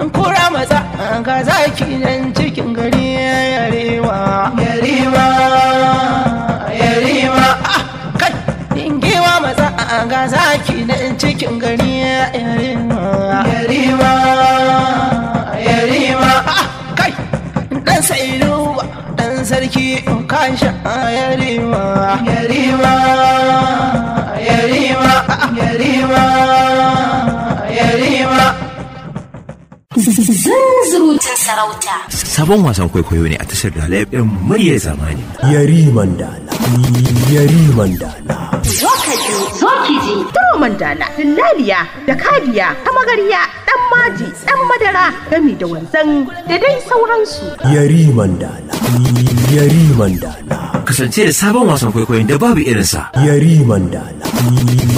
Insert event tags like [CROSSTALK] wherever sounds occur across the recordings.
In kura matsa ga zaki nan cikin gari ya yarewa yarewa yarewa ah, kai dingewa matsa ga zaki nan cikin gari ya yarewa yarewa yarewa ah, kai dan sai ruwa dan sarki kan sha yarewa yarewa yarewa ah, yarewa zunzurutun sarauta. Sabon wasan kwaikwayo ne a tashar da ɗin muryar zamani. Yari Mandala. Yari Mandala. Zo ka zo maciji turoman dala dillaliya da kabiya tamagariya dan maji dan madara gami da wanzan da dai sauransu yari mandala yari mandala kasance da sabon wasan kwaikwayon da babu irinsa yari mandala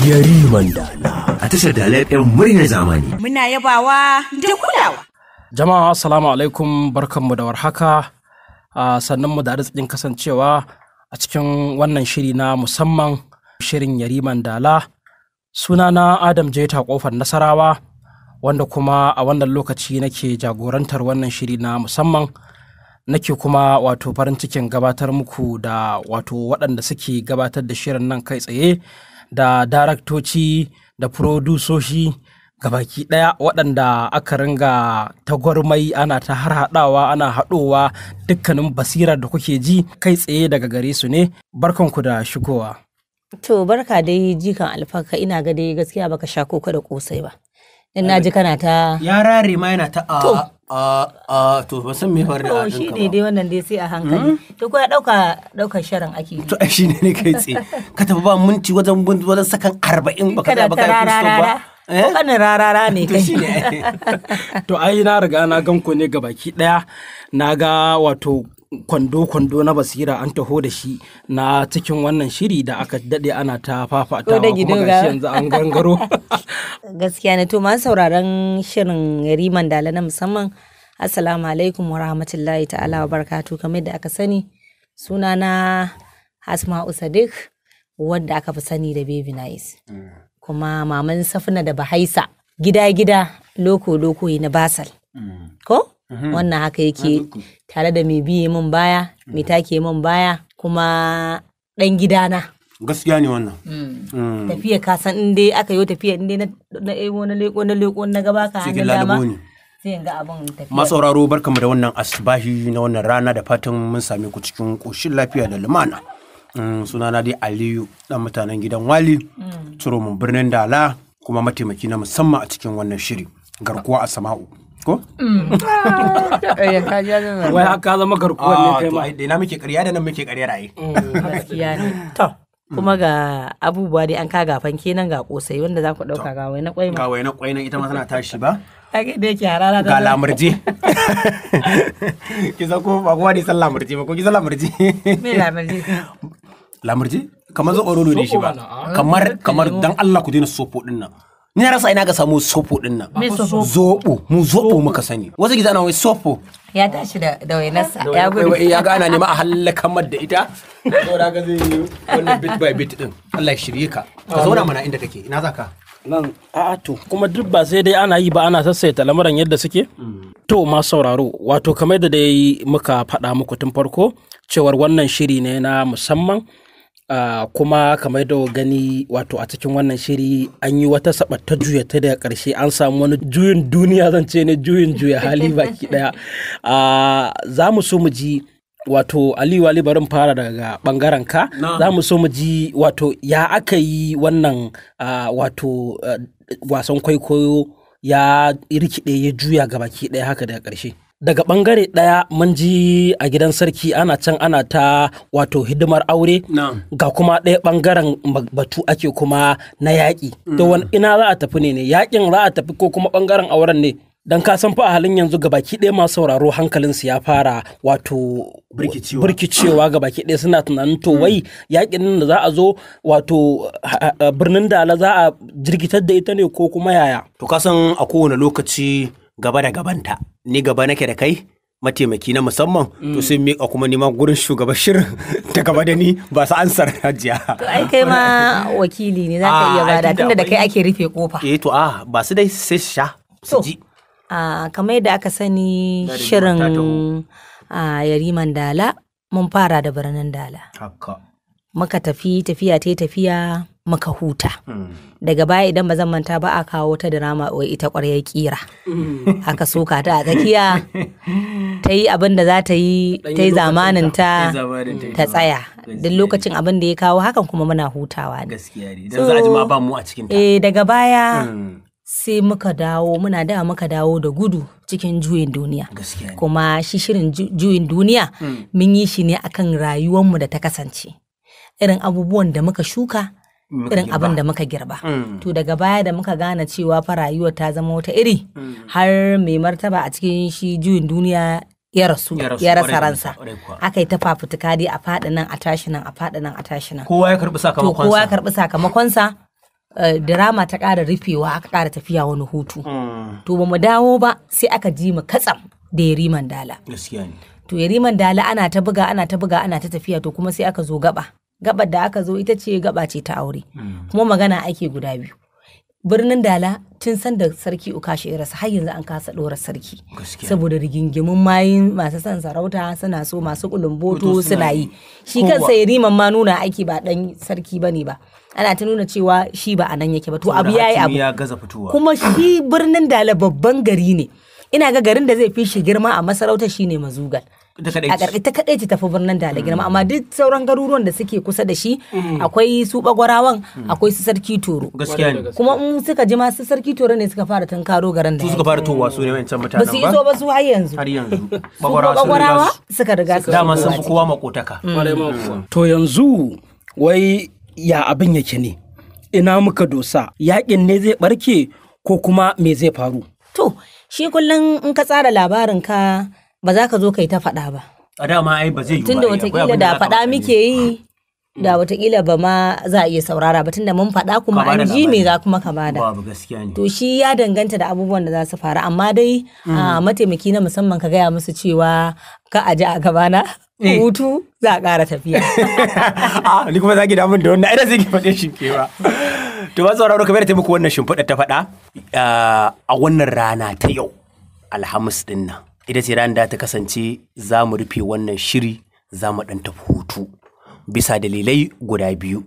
yari mandala a tashar dalai yan zamani muna yabawa da kulawa jama'a assalamu alaikum barkanmu da warhaka ah, sannan mu da arzikin kasancewa a cikin wannan shiri na musamman shirin Yariman Dala sunana Adam Jeta kofar Nasarawa wanda kuma a wannan lokaci nake jagorantar wannan shiri na musamman nake kuma wato farin cikin gabatar muku da wato waɗanda suke gabatar da shirin nan kai tsaye da daraktoci da furodusoshi baki ɗaya waɗanda aka ringa tagwarmai ana ta har haɗawa ana haɗowa dukkanin basirar da kuke ji kai tsaye daga gare su ne barkanku da shigowa To barka dai jikan alfaka ina ga dai gaskiya baka sha koko da kosai ba. In na ji kana ta. Ya rare ma yana ta a a to ba san me faru da abin shi ne dai wannan dai sai a hankali. Hmm? To ko ya dauka dauka sharan ake. To ai shine ne kai tse. Ka tafi ba minti wajen wajen sakan 40 baka da baka ba. Kana eh? rarara ne kai. [LAUGHS] To ai na riga na ganko ne ga baki daya na ga wato kwando-kwando na basira an taho da shi na cikin wannan shiri da aka dade ana ta fafatawa kuma gashi yanzu an gangaro [LAUGHS] gaskiya na to masu sauraron shirin riman dala na musamman assalamu alaikum wa rahmatullahi ta'ala wa barkatu kamar da aka sani suna na asma'u Usadik wadda aka fi sani da baby nice mm. kuma maman safina da bahaisa gida-gida loko-loko na basal mm. ko Mhm. wannan haka yake tare da mai biye min baya mai mhm. take min baya kuma dan gidana gaskiya ne wannan mm. Mm. tafiya ka san in aka yi tafiya inda na ego na leko na leko na gaba ka hannun dama sai ga abin tafiya masauraro barkamu da wannan asibahi na wannan rana da fatan mun same ku cikin koshin lafiya da lumana mm, suna na dai aliyu dan mutanen gidan wali mun birnin dala kuma mataimaki na musamman a cikin wannan shiri garkuwa a sama'u ko? ya mm. [LAUGHS] eh, ka ji zama wai haka zama garkuwar ne ah, kai ma na muke ƙarya da nan muke ƙarya rayi mm, gaskiya ne to kuma ga abubuwa dai an kaga fanke nan ga kosai wanda za ku ɗauka ga wai na kwai ga wai na kwai nan ita ma tana tashi ba kage da yake harara ga lamurje [LAUGHS] ki san ko ba kuma ne san lamurje ba ko ki san lamurje me lamurje lamurje kamar zo orolo ne shi ba ah. kamar kamar dan Allah ku daina sofo din nan ni na rasa ina ga samu sopo din nan zobo mu zobo muka sani wasu gida na wai sopo ya tashi da da wainarsa ya gudu ya ga ne nema a hallaka mar da ita da ga zai yi wannan bit by bit din Allah ya shirye ka ka zauna mana inda kake ina zaka nan a to kuma duk ba sai dai ana yi ba ana sassaita lamuran yadda suke to ma sauraro wato kamar da dai muka faɗa muku tun farko cewar wannan shiri ne na musamman Uh, kuma kamar da gani wato a cikin wannan shiri an yi wata ta juya ta daga karshe an samu wani juyin duniya zan ce ne juyin juya hali baki daya uh, ah, za mu so mu ji wato aliyu wali barin fara daga bangaren ka no. za mu so mu ji wato ya aka yi wannan uh, wato eh, wasan kwaikwayo ya rikide ya juya ga baki daya haka daga karshe daga bangare ɗaya mun ji a gidan sarki ana can ana ta wato hidimar aure ga kuma ɗaya bangaren batu ake kuma na yaƙi to mm. wani ina za a tafi ne yaƙin za a tafi ko kuma bangaren auren ne dan ka san fa a halin yanzu baki ɗaya masu sauraro su ya fara wato birkicewa baki ɗaya suna tunanin to mm. wai yaƙin nan da za a zo wato birnin dala za a jirgitar da ita ne ko kuma yaya to ka san a kowane lokaci gaba da gabanta ni gaba nake da kai mataimaki na musamman to sun miƙa kuma neman gurin shugaban shirin [LAUGHS] ta gaba da ni ba su ansar hajiya. To ai kai ma wakili ne za ka iya ah, bada tunda da kai ake rufe kofa. Eh to a ah, ba su dai sai sha su ji. Ah, kamar yadda aka sani shirin yariman dala mun fara da birnin dala. Haka. Muka tafi tafiya ta tafiya muka huta hmm. daga baya idan ba zan manta ba a kawo ta drama wai ita kwarya kira hmm. aka soka ta a tsakiya ta yi abin da za ta yi ta yi zamanin ta ta tsaya duk lokacin abin da ya kawo hakan kuma muna hutawa ne eh daga baya hmm. sai muka dawo muna da muka dawo da gudu cikin juyin duniya kuma shi shirin juyin duniya mun yi shi ne akan rayuwarmu da ta kasance irin abubuwan da muka shuka irin abin da muka girba. Mm. To daga baya da muka gane cewa fa rayuwar ta zama wata iri mm. har mai martaba a cikin shi juyin duniya ya rasu ya rasa ransa aka yi ta fafutuka dai a faɗi nan a tashi nan a faɗi nan a tashi nan kowa ya karɓi sakamakonsa kowa ya karɓi sakamakonsa eh, drama ta ƙara rufewa aka ƙara tafiya wani hutu mm. to ba mu dawo ba sai aka ji mu katsam da riman dala to riman dala ana ta buga ana ta buga ana ta tafiya to kuma sai aka zo gaba gabar da aka zo ita ce gaba ce ta aure mm. kuma magana ake guda biyu birnin dala tun san da sarki ukashi ya rasa har yanzu an kasa dora sarki saboda rigingimun mayin masu son sarauta suna so masu kulumboto suna yi shi kansa ya riman ma nuna aiki ba dan sarki bane ba ana ta nuna cewa shi ba a yake ba to abu yayi abu kuma shi birnin dala babban gari ne ina ga garin da zai fi shi girma a masarautar shine mazugal ita kadai ce tafi birnin da girma amma duk sauran garuruwan da suke kusa da shi mm. akwai su bagwarawan mm. akwai su sarki toro gaskiya ne kuma in suka ji ma su sarki toro ne suka fara tunkaro garin da su suka fara towa su ne wancan mutanen ba su iso ba su har yanzu har yanzu bagwarawa suka riga su dama sun fi kowa makotaka mm. to yanzu wai ya abin yake ne ina muka dosa yakin ne zai barke ko kuma me zai faru to shi kullum in ka tsara labarin ka ba za ka zo ka yi ta faɗa ba. A dama ai ba zai yi ba. Tunda watakila da faɗa muke yi da watakila ba ma za a iya saurara ba tunda mun faɗa kuma an ji me za kuma ka bada. ba gaskiya ne. To shi ya danganta da abubuwan da za su faru amma dai mm. a mataimaki na musamman ka gaya musu cewa ka aji a gabana. Eh. Hutu za a ƙara tafiya. [LAUGHS] Ah, ni kuma za ki damun da wannan ai zai ki faɗe shi ke ba. To ba sauraro kamar da taimako wannan shimfiɗa ta faɗa a wannan rana ta yau Alhamis ɗin nan. ita ce ran da ta kasance za mu rufe wannan shiri za mu ɗan tafi hutu bisa dalilai guda biyu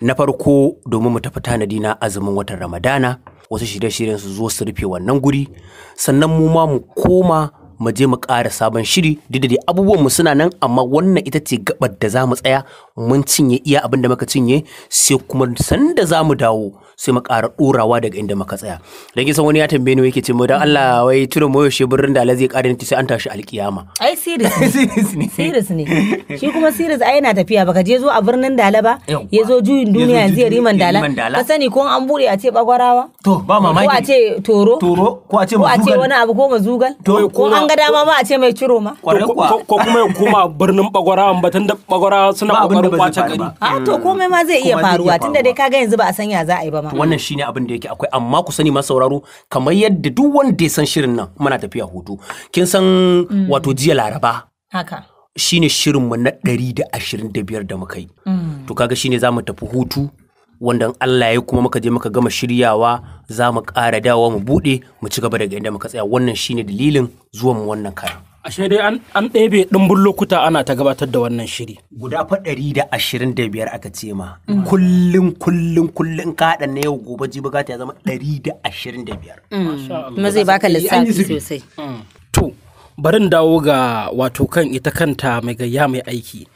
na farko domin mu tafi tanadi na azumin watan ramadana wasu shirye-shiryen su zo su rufe wannan guri sannan mu ma mu koma mu je mu ƙara sabon shiri duk da abubuwan mu suna nan amma wannan ita ce gabar da za mu tsaya mun cinye iya abin da muka cinye sai kuma sanda za mu dawo sai mu ƙara ɗorawa daga inda muka tsaya dan kisan wani ya tambaye ni yake ce mu dan Allah wai tunan mu yaushe birnin da zai ƙara sai an tashi alkiyama ai [LAUGHS] serious ne serious ne shi kuma serious ai yana tafiya baka je zo a birnin Dala ba ya zo juyin duniya yanzu ya riman Dala ka sani ko an bude a ce bagwarawa to ba mamaki ko a ce toro toro ko a ce mazugal ko a ce wani abu ko mazugal ko an ga dama ma a ce mai ciro ma ko kuma kuma birnin bagwarawa ba da bagwarawa suna kokarin kwace gari ah, to komai ma zai iya faruwa tunda dai kaga yanzu ba a san ya za a yi ba wannan shine abin da yake akwai amma ku sani ma sauraro kamar yadda duk wanda ya san shirin nan muna tafiya hutu kin san mm. wato jiya laraba haka shine mu na 125 da muka yi mm. to kaga shine za mu tafi hutu wanda Allah ya kuma muka je muka gama shiryawa za mu ƙara dawowa mu buɗe mu ci gaba daga inda muka tsaya wannan shine dalilin zuwan mu wannan karan Ashe dai an ɗebe ɗumbin lokuta ana ta gabatar da wannan shiri. Guda fa ɗari da ashirin da biyar aka ce ma. Mm. Kullum kullum kullum kaɗan na yau gobe jibi gata ya zama ɗari da ashirin da biyar. Mm. Kuma zai baka lissafi sosai. Mm. To, barin dawo ga wato kan ita kanta mai gayya mai aiki.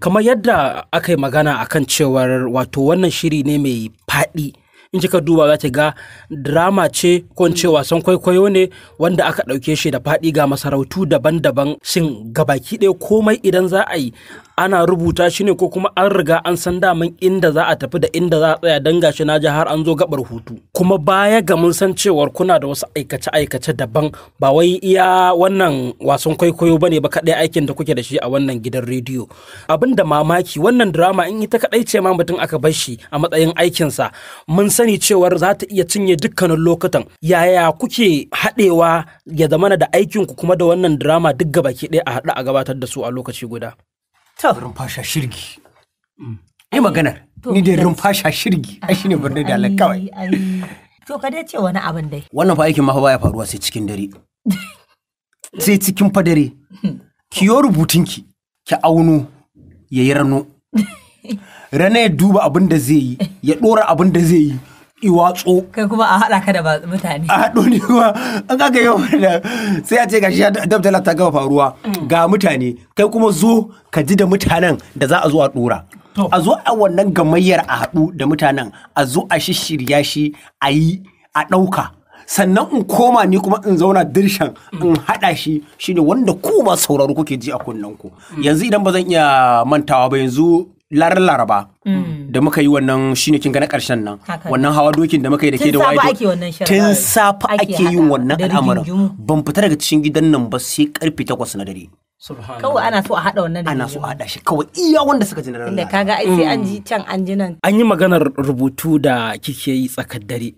Kamar yadda aka yi magana akan cewar wato wannan shiri ne mai faɗi. in kika duba za ki ga drama ce ko in ce wasan kwaikwayo ne wanda aka ɗauke shi da faɗi ga masarautu daban-daban shin gabaki ɗaya komai idan za a yi ana rubuta shi ne ko kuma an riga an san daman inda za a tafi da inda za a tsaya don gashi na ji har an zo gabar hutu kuma baya ga mun san cewar kuna da wasu aikace aikace daban ba wai iya wannan wasan kwaikwayo ba ne ba kaɗai aikin da kuke da shi a wannan gidan rediyo abin da mamaki wannan drama in ita kaɗai ce ma mutum aka bar shi a matsayin aikinsa mun sani cewar za ta iya cinye dukkanin lokutan yaya kuke haɗewa ya zamana da aikinku kuma da wannan drama duk gabaki ɗaya a haɗu a gabatar da su a lokaci guda to rumfasha shirgi mm. ai maganar ni dai rumfasha shirgi ai shi ne birnin da Allah kawai to ka dai ce wani abin dai wannan fa aikin mafa baya faruwa sai cikin dare [LAUGHS] sai cikin fa dare ki yi rubutunki ki auno yayi rano [LAUGHS] rana ya duba abin da zai yi ya dora abin da zai yi iwatso kai kuma a haɗa ka da mutane a haɗo ne kuma an kaka yau da sai a ce gashi dabtala ta gaba faruwa mm. ga mutane kai kuma zo ka ji da mutanen da za a zo a ɗora a zo a wannan gamayyar a haɗu da mutanen a zo a shishirya shi a yi a ɗauka sannan in koma ni kuma in zauna dirshan mm. in haɗa shi shine wanda ku masu sauraro kuke ji a kunnen ku mm. yanzu idan ba zan iya mantawa ba yanzu larar laraba mm. da muka yi wannan shine kin ga na karshen nan wannan hawa dokin da muka yi da ke da wayo tun safa ake yin wannan al'amarin ban fita daga cikin gidan nan ba sai karfe 8 na dare kawai ana so a haɗa wannan ana so a haɗa shi kawai iya wanda suka ji na kaga ai sai an ji mm. can an ji nan an yi maganar rubutu da kike yi tsakar dare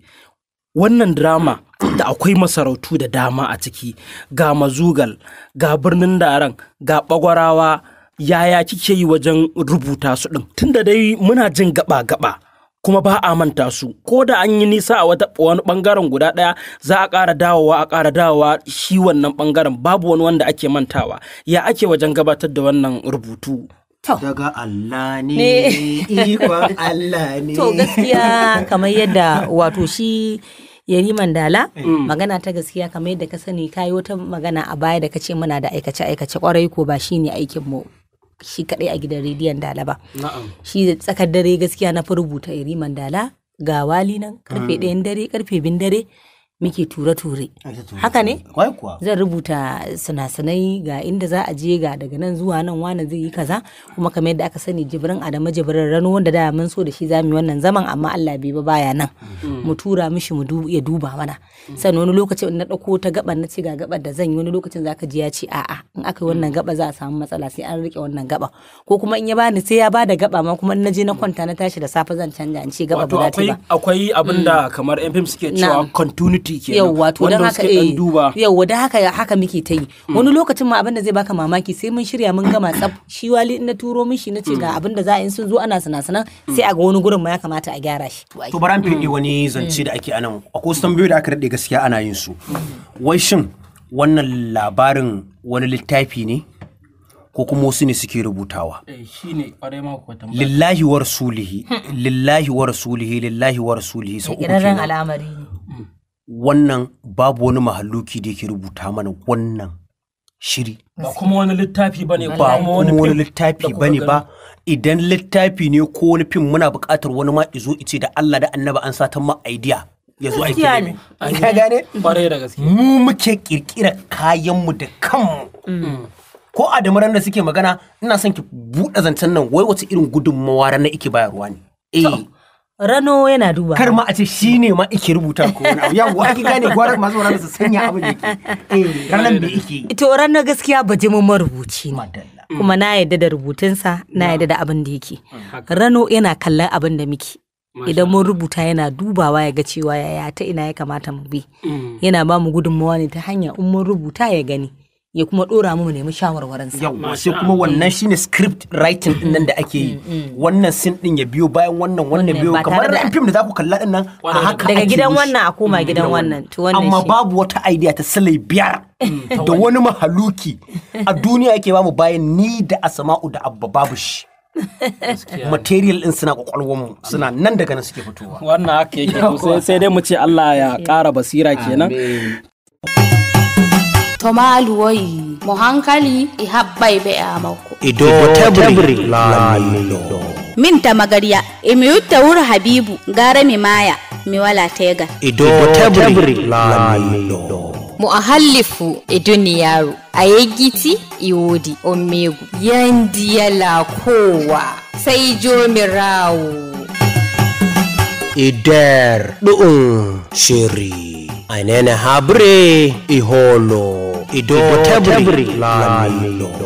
wannan drama da akwai masarautu da dama a ciki ga mazugal ga birnin Daren, ga bagwarawa yaya kike yi wajen rubuta su ɗin tunda dai muna jin gaba-gaba kuma ba a manta su ko da an yi nisa a wata wani ɓangaren guda ɗaya za a ƙara dawowa a ƙara dawowa shi wannan ɓangaren babu wani wanda ake mantawa ya ake wajen gabatar da wannan rubutu Daga Allah ne, ikon [LAUGHS] Allah ne. To gaskiya kamar yadda wato shi yariman dala mm. magana ta gaskiya kamar yadda ka sani ka yi wata magana a baya da ka ce muna da aikace-aikace kwarai ko ba shi aikin mu shi kaɗai a gidan rediyon dala ba shi tsakar dare gaskiya na fi rubuta iri mandala ga wali nan karfe hmm. ɗayan dare karfe bin dare muke ture-ture. Haka ne? Zan rubuta sinasinai ga inda za a je ga daga nan zuwa nan wani zai yi kaza kuma kamar yadda aka sani jibrin adama jibrin rano wanda da mun so da shi zamu yi wannan zaman amma Allah bai ba baya nan. Mm. Mu tura mishi mu ya duba mana. Mm. Sannan wani lokacin na ɗauko ta gaban na ce ga gaban da zan yi wani lokacin zaka ji ya ce a'a in aka yi wannan mm. gaba za a samu matsala sai an rike wannan gaba ko kuma in ya bani sai ya bada gaba ma kuma in na je na kwanta na tashi da safe zan canja in ce gaba ba. Akwai abinda kamar 'yan suke cewa continuity ji kenan yawa to dan haka eh da haka haka muke ta yi hmm. wani lokacin ma abin da zai baka mamaki sai mun shirya mun gama tsaf shi wali na turo mishi na ce hmm. ga abin da za a yi sun zo ana sana-sanan hmm. sai a ga wani gurin ma ya kamata a gyara shi to baran fiɗe wani zance da ake anan akwai san biyu da aka daɗe gaskiya ana yin su wai shin wannan labarin wani littafi ne ko kuma wasu ne suke rubutawa. Eh, lillahi wa rasulihi, lillahi wa rasulihi, lillahi wa rasulihi sau uku kenan. al'amari wannan babu wani mahalluki da yake rubuta mana wannan shiri ba kuma wani littafi bane ba kuma wani littafi ne ba idan littafi ne ko wani fim muna buƙatar wani ma izo ice da Allah da Annaba an sa ma idea ya zo aiki ne ka gane da gaske mu muke kirkira kayan mu da kanmu mm. ko a da suke magana ina son ki buɗe zancen nan wai wace irin gudunmawa na ike bayarwa ne eh Rano yana duba. Kar ma a ce shi ne ma ike rubuta ko wani abu. Yawwa ake gane gwarar masu wani su sanya da ke. Eh, ranar da ike To ranar gaskiya baje mun marubuci ne. Kuma na yadda da rubutunsa, na yadda da abin da yake. Mm. Rano yana kallon abin da muke. Idan mun rubuta yana dubawa ya ga cewa yaya ta ina ya kamata mu bi. Mm. Yana ba mu gudunmawa ne ta hanya in mun rubuta ya gani. ya kuma dora mu nemi shawarwarin sa yawa sai kuma wannan shine script writing din nan da ake yi mm, mm. wannan sin din ya biyo bayan wannan wannan biyo kamar da film da za ku kalla din nan a haka daga gidan wannan a koma gidan wannan to wannan amma babu wata idea ta sale biyar mm, da wani mahaluki a duniya yake bamu bayan ni da asma'u da abba babu shi material din suna kwakwalwarmu suna nan daga nan suke fitowa wannan haka yake sai dai mu ce Allah ya ƙara basira kenan to maalu woyi mo hankali e haɓɓay ɓe amako ido tebri lamiɗo min tamagariya emi yutta wuro habibu gara mi maya mi wala tegal ido tebri lamiɗo mo a hallifu e duniyaru a yeggiti e wodi on megu yandi kowa sai jomirawo ider du'un shiri a ainene habre iholo ido tebri lamilo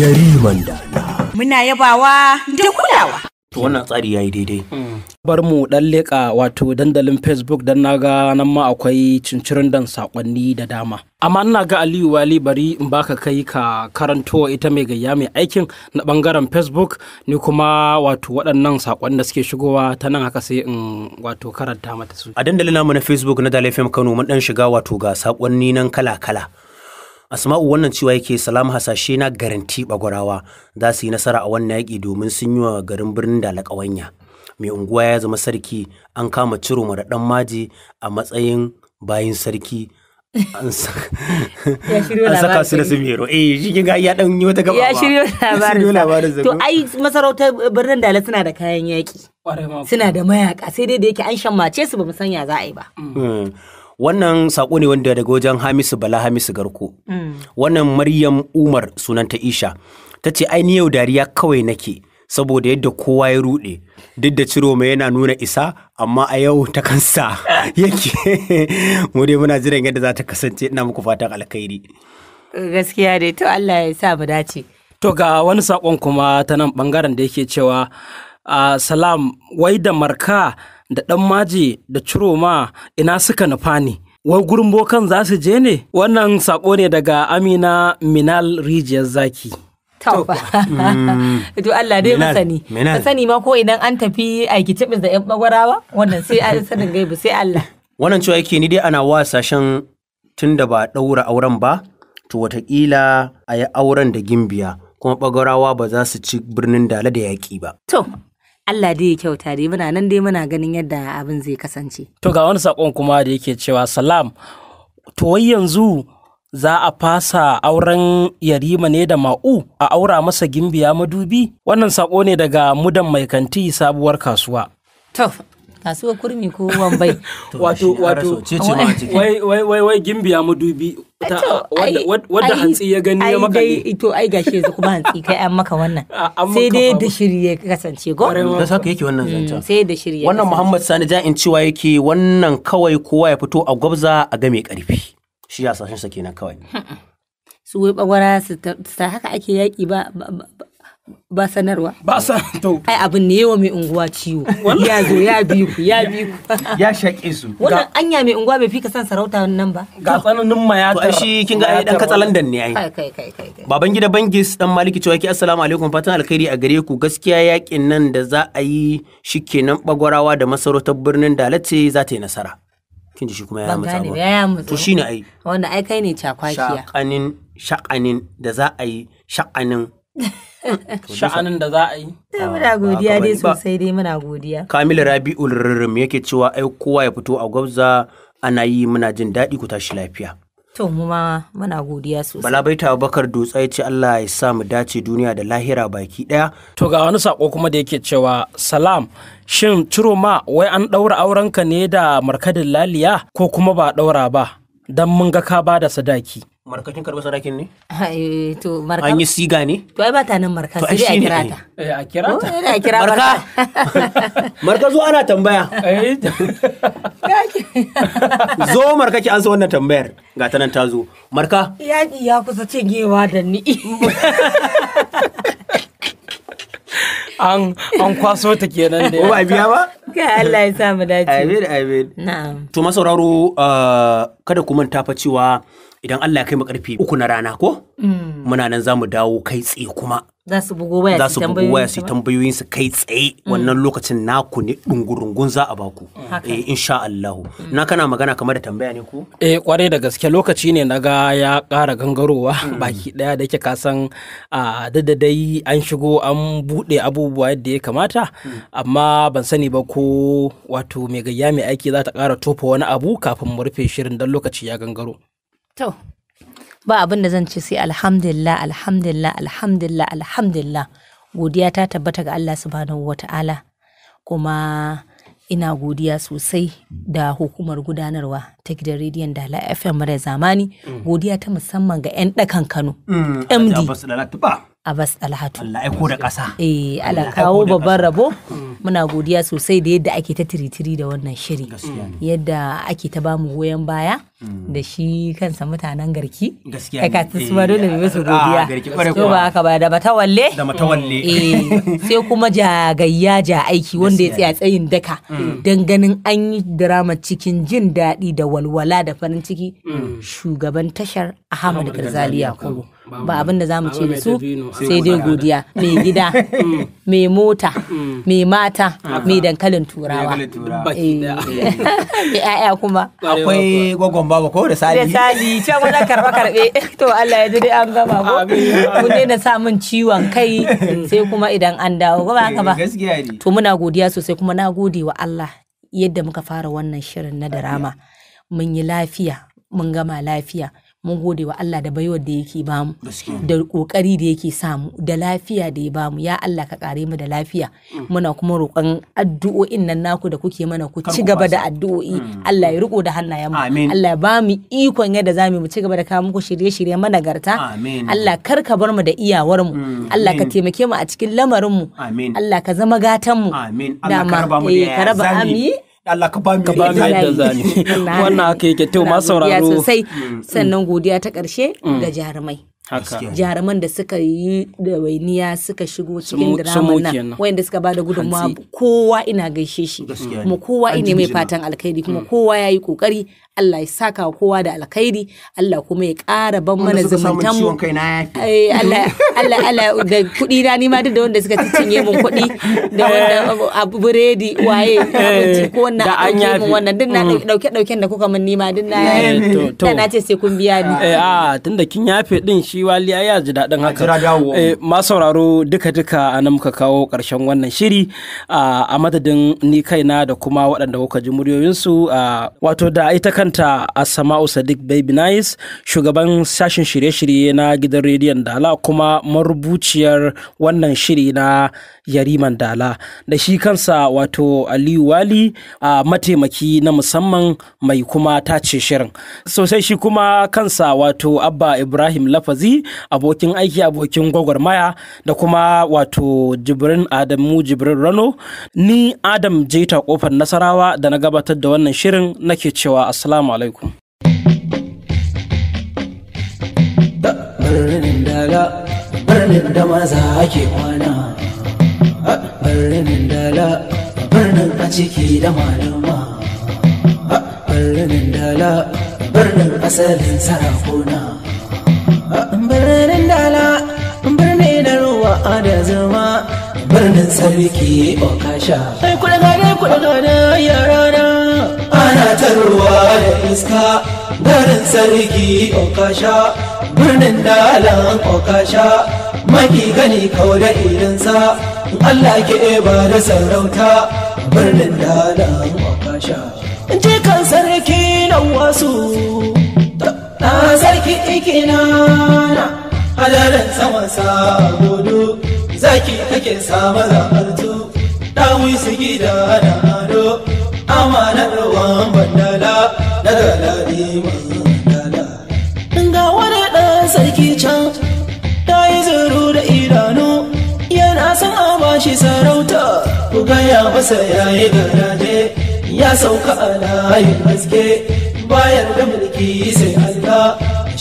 yari mandana muna yabawa da kulawa to wannan tsari yayi daidai hmm. bar mu dan leƙa wato dandalin facebook dan na ga nan ma akwai cincirin dan sakonni da dama amma ina ga aliyu wali bari in baka kai ka karanto ita mai gayya mai aikin na bangaren facebook ni kuma wato waɗannan sakonni da suke shigowa ta nan haka sai in wato karanta mata su a dandalin namu na facebook na fm kano mun dan shiga wato ga sakonni nan kala kala asma'u wannan cewa yake salamu hasashe na garanti bagwarawa za su yi nasara a wannan yaƙi domin sun yi wa garin birnin da alƙawanya mai unguwa ya zama sarki an kama ciro da ɗan maji a matsayin bayin sarki an [LAUGHS] saka su da su mero eh shi kin ga ya dan yi wata gaba ya [LAUGHS] shiryo labarin to ai masarautar eh, birnin dala suna da kayan yaki suna da mayaka sai dai da yake an shammace su ba mu sanya za a yi ba mm. Mm. wannan sako ne wanda daga wajen Hamisu Bala Hamisu Garko mm. wannan Maryam Umar sunanta Isha tace ai ni yau dariya kawai nake saboda yadda kowa ya rude duk da ciro mai yana nuna isa amma a yau ta kansa [LAUGHS] yake mu dai muna jiran yadda za ta kasance ina muku fatan alkhairi gaskiya dai to Allah ya sa mu dace to ga wani sakon kuma ta nan bangaren da yake cewa a salam wai da marka da dan maji da ciro ma ina suka nufa ne wai gurin bokan za su je ne wannan sako ne daga amina minal rijiyar zaki Taufa. Mm. [LAUGHS] To Allah dai masani. sani ma ko idan an tafi aiki tibis da 'yan bagwarawa wannan sai an sanin gaibu sai Allah. [LAUGHS] Wannan cewa yake ni dai ana wasa sashen tun da ba ɗaura auren ba to watakila a yi auren da gimbiya kuma bagwarawa ba za su ci birnin dala da yaƙi ba. To Allah dai ya kyauta dai muna nan dai muna ganin yadda abin zai kasance. To ga wani sakon kuma da yake cewa salam to wai yanzu za a fasa auren yarima ne da ma'u a aura masa gimbiya madubi wannan sako ne daga mudan mai kanti sabuwar kasuwa to kasuwar kurmi ko wambai [LAUGHS] wato wato wai wai wai gimbiya madubi wadda hantsi ya gani ya maka ne to ai gashi yanzu kuma hantsi kai an maka wannan [LAUGHS] sai dai da shiri ya kasance go da saka yake wannan zancen mm, sai da shiri wannan Muhammad Sani in cewa yake wannan kawai kowa ya fito a gwabza a game karfi shi ya sashen sa kenan kawai [LAUGHS] su wai bagwara su ta haka ake yaƙi ba ba sanarwa ba sanarwa. ai abin ne yawa mai unguwa ciwo ya zo ya bi ku ya bi ku [LAUGHS] ya shaƙe su wannan anya mai unguwa bai fi ka san sarauta nan ba ga tsananin mayatar to shi kin ga ai dan katsalandan ne ai kai kai kai baban gida bangis dan maliki cewa ki assalamu alaikum fatan alkhairi a gare ku gaskiya yaƙin nan da za a yi shikenan bagwarawa da masarautar birnin dalace za ta yi nasara kin ji shi kuma ya mutsa ba ya shi to shine ai Wanda ai kai ne cakwakiya shaƙanin shaqanin da za a yi shaƙanin. sha'anin da za a yi. [LAUGHS] Eh, ah, muna godiya dai sosai dai muna godiya. Kamilu Rabi'ul Rirrim yake cewa ai kowa ya fito a gwabza ana yi muna jin daɗi ku tashi lafiya. To mu muna godiya sosai. Bala baita bakar Dutse ya ce Allah ya sa mu dace duniya da lahira baki ɗaya. To ga wani sako kuma da yake cewa salam shin ciro ma wai an daura aurenka ne da markadin laliya ko kuma ba ɗaura ba dan mun ga ka ba da sadaki. markashin karɓar sadakin ne? to markashin an yi siga ne? to ai ba ta nan markashin sai dai a kira ta eh, a kira ta eh, a kira marka marka [LAUGHS] zo ana tambaya eh, [LAUGHS] zo marka ki an sa wannan tambayar ga ta nan ta zo marka yaƙi ya kusa gewa da ni [LAUGHS] an an kwaso ta kenan da ba biya ba ga Allah ya sa mu dace amin amin na'am to masauraro ah, kada ku manta fa cewa idan Allah ya kai mu karfe uku na rana ko mm. muna nan za mu dawo kai tsaye kuma za su bugu waya su tambayoyin su kai tsaye mm. wannan lokacin naku ne dungurungun za a baku mm. eh insha Allah na kana magana kamar da tambaya ne ku. eh kwarai da gaske lokaci ne na ga ya ƙara gangarowa baki daya da yake kasan a dai an shigo an bude abubuwa yadda ya kamata amma ban sani ba ko wato mai gayya mai aiki za ta ƙara tofa wani abu kafin mu rufe shirin dan lokaci ya gangaro To, ba abin da zan ce sai alhamdulillah, alhamdulillah, alhamdulillah, alhamdulillah. Godiya ta tabbata ga Allah subhanahu wata'ala kuma ina godiya sosai da hukumar gudanarwa ta gidan rediyon Dala FM mara zamani. Mm. Godiya ta musamman ga 'yan ɗakan Kano, MD. Mm. bas Alhatu. Allah aiko da ƙasa. Eh, Allah kawo babban rabo. Mm. Muna godiya sosai da yadda ake ta tiritiri da wannan shiri. Yadda ake ta bamu goyon baya mm. da shi kansa mutanen garki. Gaskiya. Kai ka su suma eh, dole mai musu godiya. To ba haka ba da matawalle. Da matawalle. Eh, sai kuma ja gayya ja aiki wanda ya tsaya tsayin daka. Mm. Dan ganin an yi drama cikin jin daɗi da walwala da farin ciki. Shugaban tashar Ahmad Garzaliya Kogo. ba abin da zamu ce da su sai dai godiya mai gida mm. mai mota mm. mai mata mai dankalin turawa mai yaya eh. [LAUGHS] kuma akwai gwagwan baba ko da sali da sali can wani karbe karbe [LAUGHS] to Allah ya ji dai an gama ko mun daina sa min ciwon kai mm. sai kuma idan an dawo ba haka ba eh, to muna godiya sosai kuma na gode wa Allah yadda muka fara wannan shirin na drama mun yi lafiya mun gama lafiya mun gode wa Allah da baiwar da yake bamu da kokari da yake samu da lafiya da ya bamu ya Allah ka kare mu da lafiya mm. muna kuma roƙon addu'o'in nan naku da kuke mana ku ci gaba da addu'o'i mm. Allah ya riko da hannayen mu Allah ya bamu ikon yadda zamu mu ci gaba da kawo muku shirye-shirye managarta Allah kar ka bar mu da iyawar mu mm. Allah ka taimake mu a cikin lamarin mu Allah ka zama gatan mu amin Allah ka raba mu da eh, Allah ka ba mu zani [LAUGHS] wannan haka yake to ma sauraro mm. sannan godiya ta karshe mm. ga jarumai jaruman da suka yi da wainiya suka shigo cikin diraman nan wayanda suka bada gudunmawa kowa ina gaishe shi kuma kowa ina mai fatan alkhairi kuma mm. kowa ya yi kokari Allah ya saka kowa da alkhairi Allah kuma ya ƙara ban mana zumuntan mu eh, Allah Allah da kuɗi na ni ma duk da wanda suka cinye mun kuɗi da wanda abu biredi waye [LAUGHS] eh, ko wannan da mun wannan duk na dauke mm. dauken da kuka mun nima duk na eh, yi na ce sai kun biya ni a ah, tunda kin yafe din shi wali ya ji daɗin haka eh, ma sauraro duka duka a nan muka kawo ƙarshen wannan shiri a madadin ni kaina da kuma waɗanda kuka ji muryoyinsu wato da ita kanta asama'u sadiq baby nice shugaban sashen shirye-shirye na gidan rediyon dala kuma marubuciyar wannan shiri na yariman dala da shi kansa wato aliyu wali a mataimaki na musamman mai kuma tace shirin sosai shi kuma kansa wato abba ibrahim lafazi Magazi abokin aiki abokin gwagwarmaya da kuma wato Jibrin Adamu Jibrin Rano ni Adam Jeta ƙofar Nasarawa da na gabatar da wannan shirin nake cewa assalamu alaikum. Birnin dala, birnin da maza ake kwana, birnin dala, birnin a ciki da malama, birnin dala, birnin asalin sarakuna. dala birni na ruwa da zama birnin sarki okasha oh, ai kuɗa gane kuɗa gane ana ta ruwa da iska birnin sarki okasha oh, birnin dalan okasha oh, maki gani kauda da sa, Allah ke ba da sarauta birnin dalan okasha je kan sarki nan wasu na sarki ikina na hadarin saman sa gudu zaki take sama mazabartu dawi su gida da ado amanar ruwan bandala na dalari mandala ga wani ɗan sarki can ta yi zuru da idanu yana son a shi sarauta ku gaya masa yayi garaje ya sauka a layin haske bayan da mulki sai alka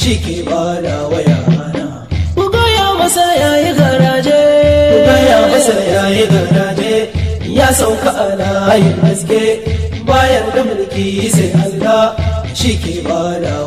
shi ke bada waya yayi garaje baya masa yayi garaje ya sauka a layin haske bayan da mulki sai Allah shi ke bada